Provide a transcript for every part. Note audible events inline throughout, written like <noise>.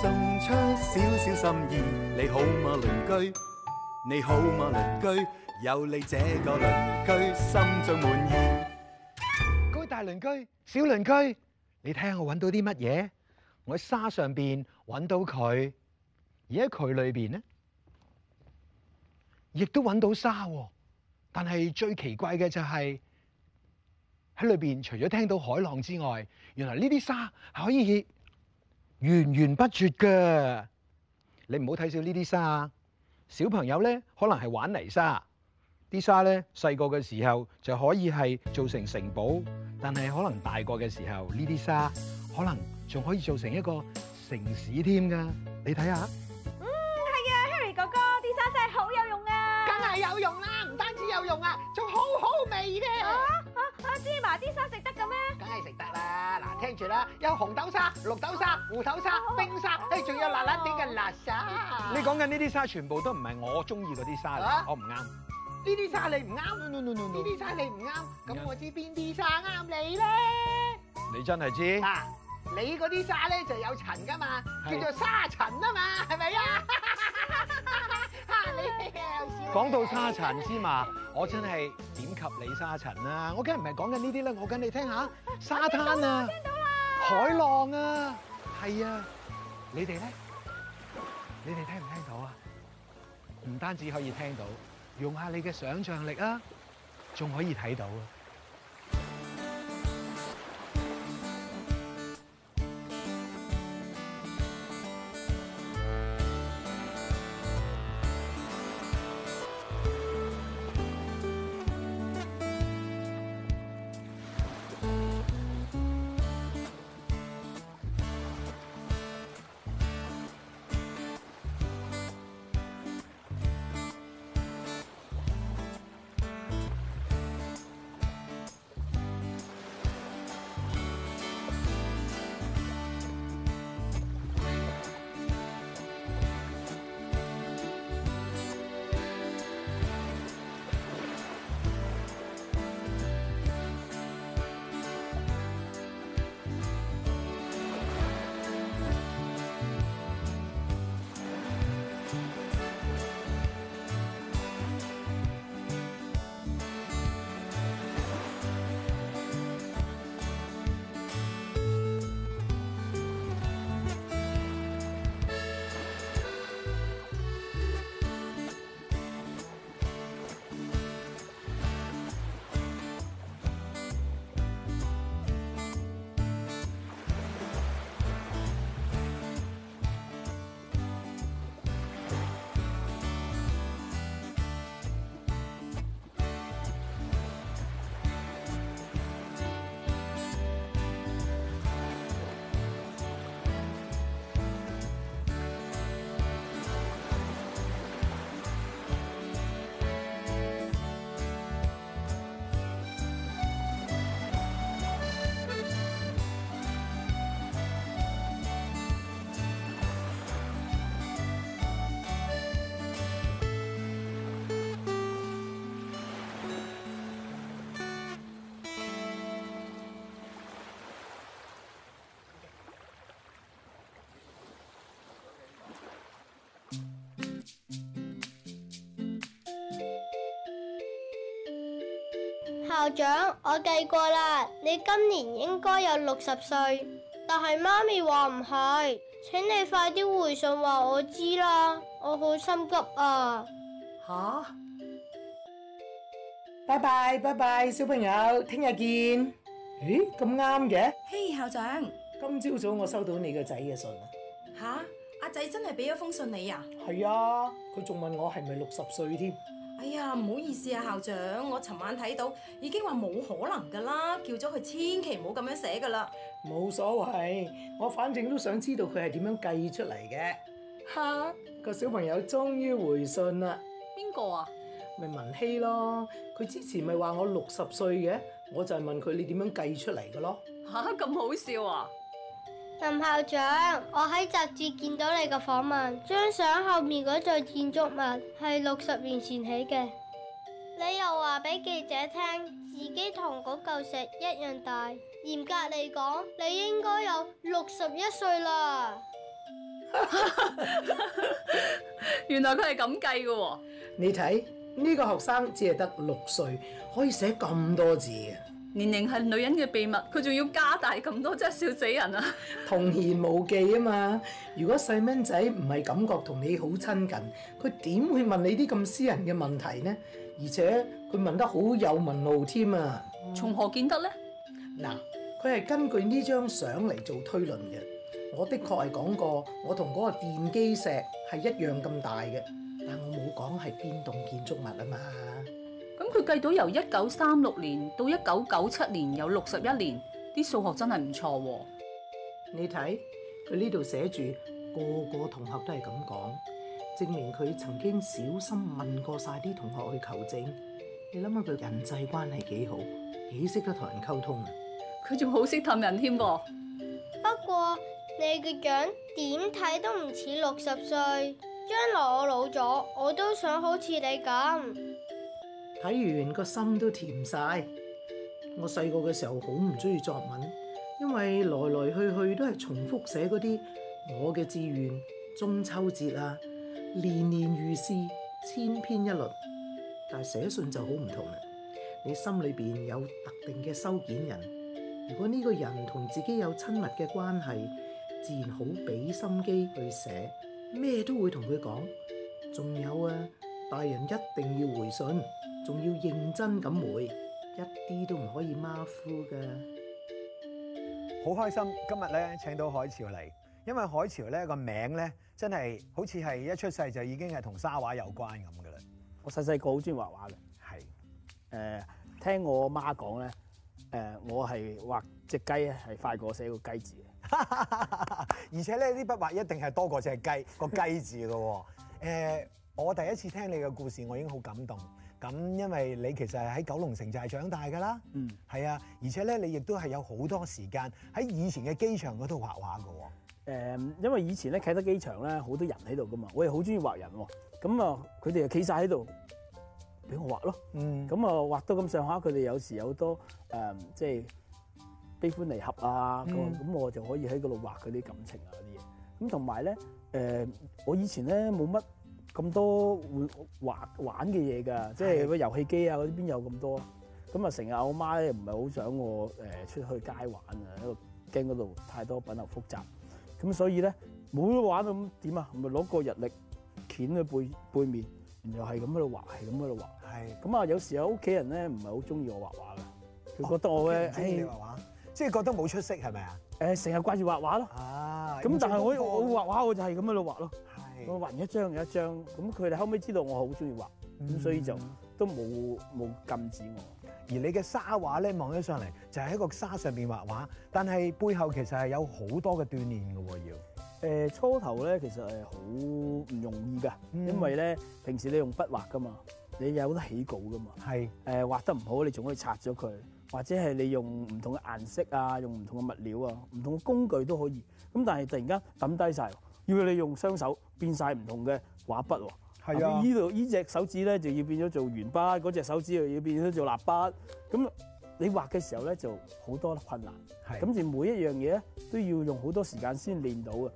送出少少心意，你好嗎，鄰居？你好嗎，鄰居？有你這個鄰居，心中滿意。各位大鄰居、小鄰居，你睇下我搵到啲乜嘢？我喺沙上邊搵到佢，而喺佢裏邊呢，亦都搵到沙。但係最奇怪嘅就係喺裏邊，除咗聽到海浪之外，原來呢啲沙係可以，源源不絕嘅，你唔好睇少呢啲沙。小朋友咧，可能係玩泥沙，啲沙咧細個嘅時候就可以係做成城堡，但係可能大個嘅時候呢啲沙可能仲可以做成一個城市添噶。你睇下，嗯，係啊，Harry 哥哥，啲沙真係好有用啊，梗係有用啦，唔單止有用啊，仲好好味嘅。啊啊，芝麻，啲沙食得。住啦！有紅豆沙、綠豆沙、芋頭沙、冰沙，誒仲有辣辣啲嘅辣沙。你講緊呢啲沙全部都唔係我中意嗰啲沙，我唔啱。呢啲沙你唔啱，呢啲沙你唔啱，咁我知邊啲沙啱你咧？你真係知？嗱，你嗰啲沙咧就有塵噶嘛，叫做沙塵啊嘛，係咪啊？講到沙塵之嘛，我真係點及你沙塵啊！我梗唔係講緊呢啲啦，我講你聽下沙灘啊。海浪啊，係啊，你哋咧，你哋聽唔聽到啊？唔單止可以聽到，用下你嘅想像力啊，仲可以睇到啊！校長，我計過啦，你今年應該有六十歲，但係媽咪話唔係，請你快啲回信話我知啦，我好心急啊！吓，拜拜拜拜，小朋友，聽日見。咦，咁啱嘅？嘿，校長，今朝早我收到你個仔嘅信啊！吓，阿仔真係俾咗封信你呀？係啊，佢仲問我係咪六十歲添。哎呀，唔好意思啊，校長，我尋晚睇到已經話冇可能噶啦，叫咗佢千祈唔好咁樣寫噶啦。冇所謂，我反正都想知道佢係點樣計出嚟嘅。吓、啊，個小朋友終於回信啦。邊個啊？咪文熙咯，佢之前咪話我六十歲嘅，我就係問佢你點樣計出嚟嘅咯。吓、啊，咁好笑啊！林校長，我喺雜誌見到你嘅訪問，張相後面嗰座建築物係六十年前起嘅。你又話俾記者聽自己同嗰舊石一樣大，嚴格嚟講，你應該有六十一歲啦。 <laughs> 原來佢係咁計嘅喎。你睇，呢個學生只係得六歲，可以寫咁多字嘅。年齡係女人嘅秘密，佢仲要加大咁多，真係笑死人啊！童言無忌啊嘛，如果細蚊仔唔係感覺同你好親近，佢點會問你啲咁私人嘅問題呢？而且佢問得好有紋路添啊！從何見得呢？嗱，佢係根據呢張相嚟做推論嘅。我的確係講過，我同嗰個電機石係一樣咁大嘅，但我冇講係邊棟建築物啊嘛。咁佢計到由一九三六年到一九九七年有六十一年，啲數學真係唔錯。你睇佢呢度寫住，個個同學都係咁講，證明佢曾經小心問過晒啲同學去求證。你諗下佢人際關係幾好，幾識得同人溝通啊！佢仲好識氹人添噃。不過你嘅樣點睇都唔似六十歲，將來我老咗，我都想好似你咁。睇完個心都甜晒。我細個嘅時候好唔中意作文，因為來來去去都係重複寫嗰啲我嘅志願、中秋節啊，年年如是，千篇一律。但係寫信就好唔同啦。你心裏邊有特定嘅收件人，如果呢個人同自己有親密嘅關係，自然好俾心機去寫，咩都會同佢講。仲有啊，大人一定要回信。仲要認真咁會，一啲都唔可以馬虎嘅。好開心，今日咧請到海潮嚟，因為海潮咧個名咧真係好似係一出世就已經係同沙畫有關咁嘅啦。我細細個好中意畫畫嘅，係誒、呃、聽我媽講咧，誒、呃、我係畫隻雞係快過寫個雞字， <laughs> 而且咧呢筆畫一定係多過隻雞個雞字嘅、哦。誒、 <laughs> 呃，我第一次聽你嘅故事，我已經好感動。咁因為你其實係喺九龍城就係長大噶啦，嗯，係啊，而且咧你亦都係有好多時間喺以前嘅機場嗰度畫畫噶喎。誒、嗯，因為以前咧啟德機場咧好多人喺度噶嘛，我亦好中意畫人喎、哦。咁啊，佢哋又企晒喺度俾我畫咯。嗯，咁啊畫到咁上下，佢哋有時有好多誒、嗯，即係悲歡離合啊。咁、嗯、咁我就可以喺嗰度畫嗰啲感情啊啲嘢。咁同埋咧誒，我以前咧冇乜。咁多會玩嘅嘢噶，即係嗰遊戲機啊嗰啲，邊有咁多？咁啊成日我媽咧唔係好想我誒出去街玩啊，喺度驚嗰度太多品流複雜。咁所以咧冇得玩咁點啊，咪攞個日曆鉛去背背面，然後又係咁喺度畫，係咁喺度畫。係咁啊，有時啊屋企人咧唔係好中意我畫畫啦，佢覺得我咧、oh, 哎，即係覺得冇出息係咪啊？誒成日掛住畫畫咯。啊！咁但係我我畫畫我就係咁喺度畫咯。我畫完一張又一張，咁佢哋後尾知道我好中意畫，咁所以就都冇冇禁止我。而你嘅沙畫咧，望起上嚟就係喺個沙上邊畫畫，但係背後其實係有好多嘅鍛鍊嘅喎要。誒初頭咧，其實係好唔容易㗎，因為咧平時你用筆畫㗎嘛，你有得起稿㗎嘛。係誒畫得唔好，你仲可以擦咗佢，或者係你用唔同嘅顏色啊，用唔同嘅物料啊，唔同嘅工具都可以。咁但係突然間抌低曬。如你用雙手變晒唔同嘅畫筆喎，係啊，依度依隻手指咧就要變咗做圓筆，嗰隻手指又要變咗做蠟筆，咁你畫嘅時候咧就好多困難，係，咁就每一樣嘢都要用好多時間先練到嘅，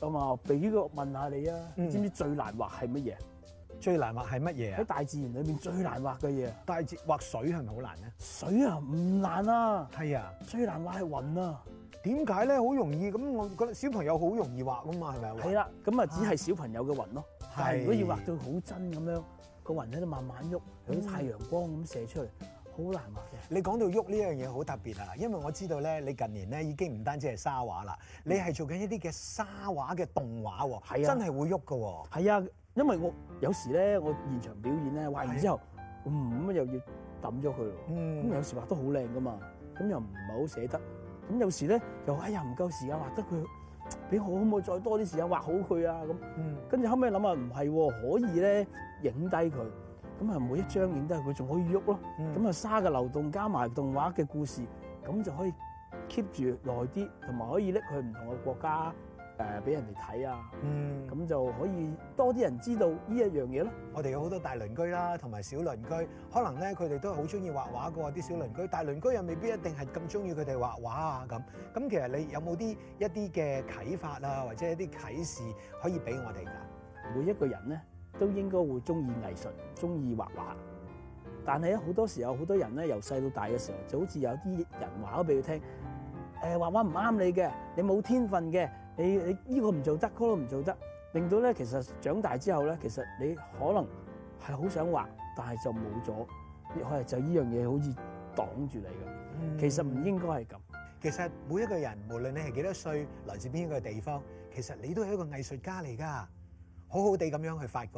咁我俾呢個問下你啊，嗯、你知唔知最難畫係乜嘢？最難畫係乜嘢？喺大自然裏面最難畫嘅嘢，大字畫水係咪好難咧？水啊唔難啊，係啊，最難畫係雲啊。點解咧？好容易咁，我覺得小朋友好容易畫噶嘛，係咪啊？係啦，咁啊只係小朋友嘅雲咯。係、啊，但如果要畫到好真咁樣，個雲喺度慢慢喐，有啲太陽光咁射出嚟，好、嗯、難畫嘅。你講到喐呢樣嘢好特別啊，因為我知道咧，你近年咧已經唔單止係沙畫啦、嗯，你係做緊一啲嘅沙畫嘅動畫喎，真係會喐㗎喎。係啊，啊，因為我有時咧，我現場表演咧畫完之後，啊、嗯咁又要抌咗佢咯。咁、嗯、有時畫得好靚噶嘛，咁又唔係好捨得。咁有時咧，又哎呀唔夠時間畫得佢，俾我可唔可以再多啲時間畫好佢啊？咁，嗯、跟住後尾諗下，唔係喎，可以咧影低佢，咁啊每一張影低佢仲可以喐咯、啊，嗯、咁啊沙嘅流動加埋動畫嘅故事，咁就可以 keep 住耐啲，同埋可以拎佢唔同嘅國家。誒、呃，俾人哋睇啊，嗯，咁就可以多啲人知道呢一樣嘢咯。我哋有好多大鄰居啦，同埋小鄰居，可能咧佢哋都好中意畫畫噶，啲小鄰居，大鄰居又未必一定係咁中意佢哋畫畫啊咁。咁其實你有冇啲一啲嘅啟發啊，或者一啲啟示可以俾我哋噶？每一個人咧都應該會中意藝術，中意畫畫。但係咧好多時候，好多人咧由細到大嘅時候，就好似有啲人話咗俾佢聽，誒、欸，畫畫唔啱你嘅，你冇天分嘅。你你呢個唔做得，嗰個唔做得，令到咧其實長大之後咧，其實你可能係好想畫，但係就冇咗，亦係就依樣嘢好似擋住你咁。其實唔應該係咁。其實每一個人，無論你係幾多歲，來自邊一個地方，其實你都係一個藝術家嚟㗎。好好地咁樣去發掘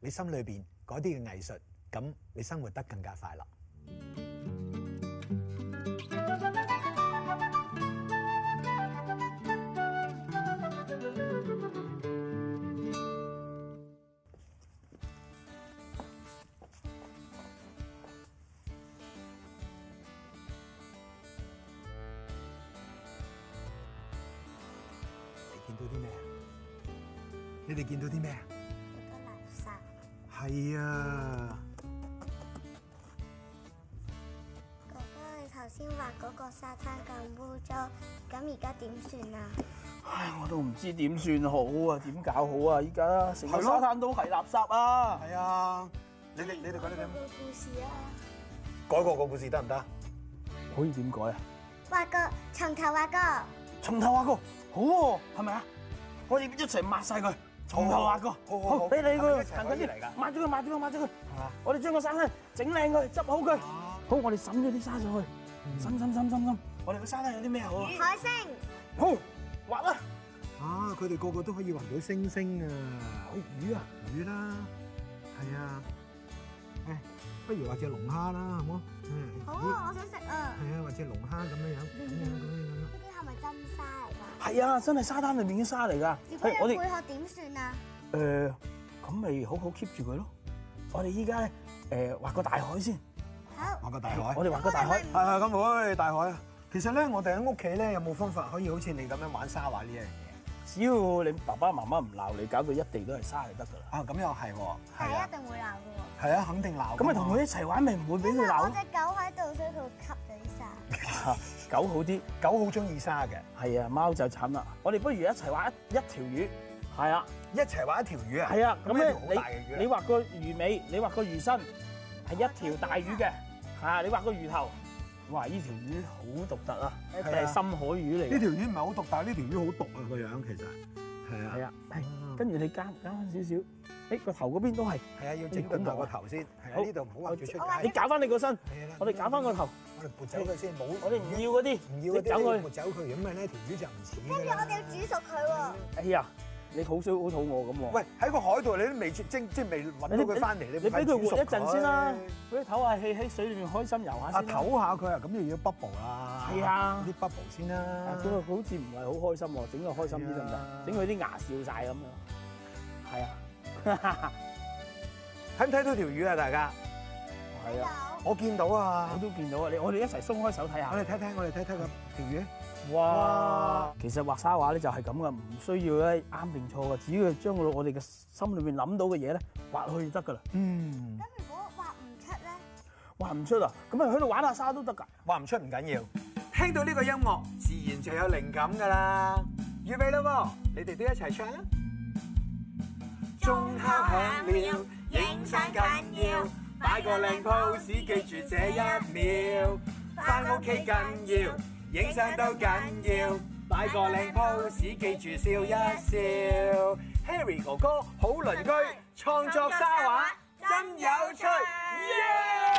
你心裏面嗰啲嘅藝術，咁你生活得更加快樂。見到啲咩啊？你哋見到啲咩啊？好多垃圾。係啊。哥哥，你頭先話嗰個沙灘咁污糟，咁而家點算啊？唉，我都唔知點算好啊，點搞好啊？依家成個沙灘都係垃圾啊！係啊。你哋你哋講啲咩？改個故事啊！改個個故事得唔得？可以點改啊？畫個，從頭畫個。從頭畫個。好喎，係咪啊？我哋一齊抹晒佢，從頭畫過。好，俾你佢近啲嚟㗎。抹咗佢，抹咗佢，抹咗佢。我哋將個沙灘整靚佢，執好佢。好，我哋滲咗啲沙上去，滲滲滲滲滲。我哋個沙灘有啲咩好啊？魚、海星。好，畫啦。啊，佢哋個個都可以畫到星星啊！魚啊，魚啦，係啊。誒，不如畫隻龍蝦啦，好冇？好啊，我想食啊。係啊，或者龍蝦咁樣樣。係啊，真係沙灘裏面啲沙嚟噶。如果配合點算啊？誒，咁咪好好 keep 住佢咯。我哋依家咧，誒，畫個大海先。好。畫個大海。我哋畫個大海。係係，咁會大海。其實咧，我哋喺屋企咧有冇方法可以好似你咁樣玩沙玩呢樣嘢？只要你爸爸媽媽唔鬧你，搞到一地都係沙就得噶啦。啊，咁又係喎。係啊，一定會鬧㗎喎。係啊，肯定鬧。咁咪同佢一齊玩咪唔會俾佢鬧。我隻狗喺度想同吸。狗好啲，狗好中意沙嘅。係啊，貓就慘啦。我哋不如一齊畫一一條魚。係啊，一齊畫一條魚係啊。係啊，咁咧你你畫個魚尾，你畫個魚身，係一條大魚嘅。係啊、嗯嗯嗯，你畫個魚頭。哇！呢條魚好獨特啊，一定係深海魚嚟。呢條魚唔係好獨，但係呢條魚好獨啊個樣其實。係啊。係啊。啊嗯、跟住你間間翻少少，誒、欸、個頭嗰邊都係。係啊，要整對埋個頭先。啊、嗯，呢度唔好畫住出界。你搞翻你個身，我哋搞翻個頭。我哋撥走佢先，冇。我哋唔要嗰啲，唔要啲。走佢，走佢，咁咪咧條魚就唔似。跟住我哋要煮熟佢喎。哎呀，你好衰好肚餓咁喎。喂，喺個海度你都未蒸，即係未揾到佢翻嚟，你你俾佢活一陣、啊啊、先啦，俾唞下氣喺水裏面，開心遊下啊唞下佢啊，咁你要 bubble？係啊，啲 bubble 先啦。好似唔係好開心喎，整個開心啲得唔得？整佢啲牙笑晒咁樣。係啊，睇唔睇到條魚啊，大家？我見到啊！我都見到啊！你我哋一齊鬆開手睇下。我哋睇睇，我哋睇睇個條魚。哇！其實畫沙畫咧就係咁噶，唔需要咧啱定錯噶，只要將我哋嘅心裏面諗到嘅嘢咧畫去就得噶啦。嗯。咁如果畫唔出咧？畫唔出啊！咁啊喺度玩下沙都得噶。畫唔出唔緊要，聽到呢個音樂自然就有靈感噶啦。預備啦喎！你哋都一齊唱。鐘敲響了，影相緊要。擺個靚 pose，記住這一秒，翻屋企緊要，影相都緊要，擺個靚 pose，記住笑一笑。Harry 哥哥好鄰居，創作沙畫真有趣。Yeah!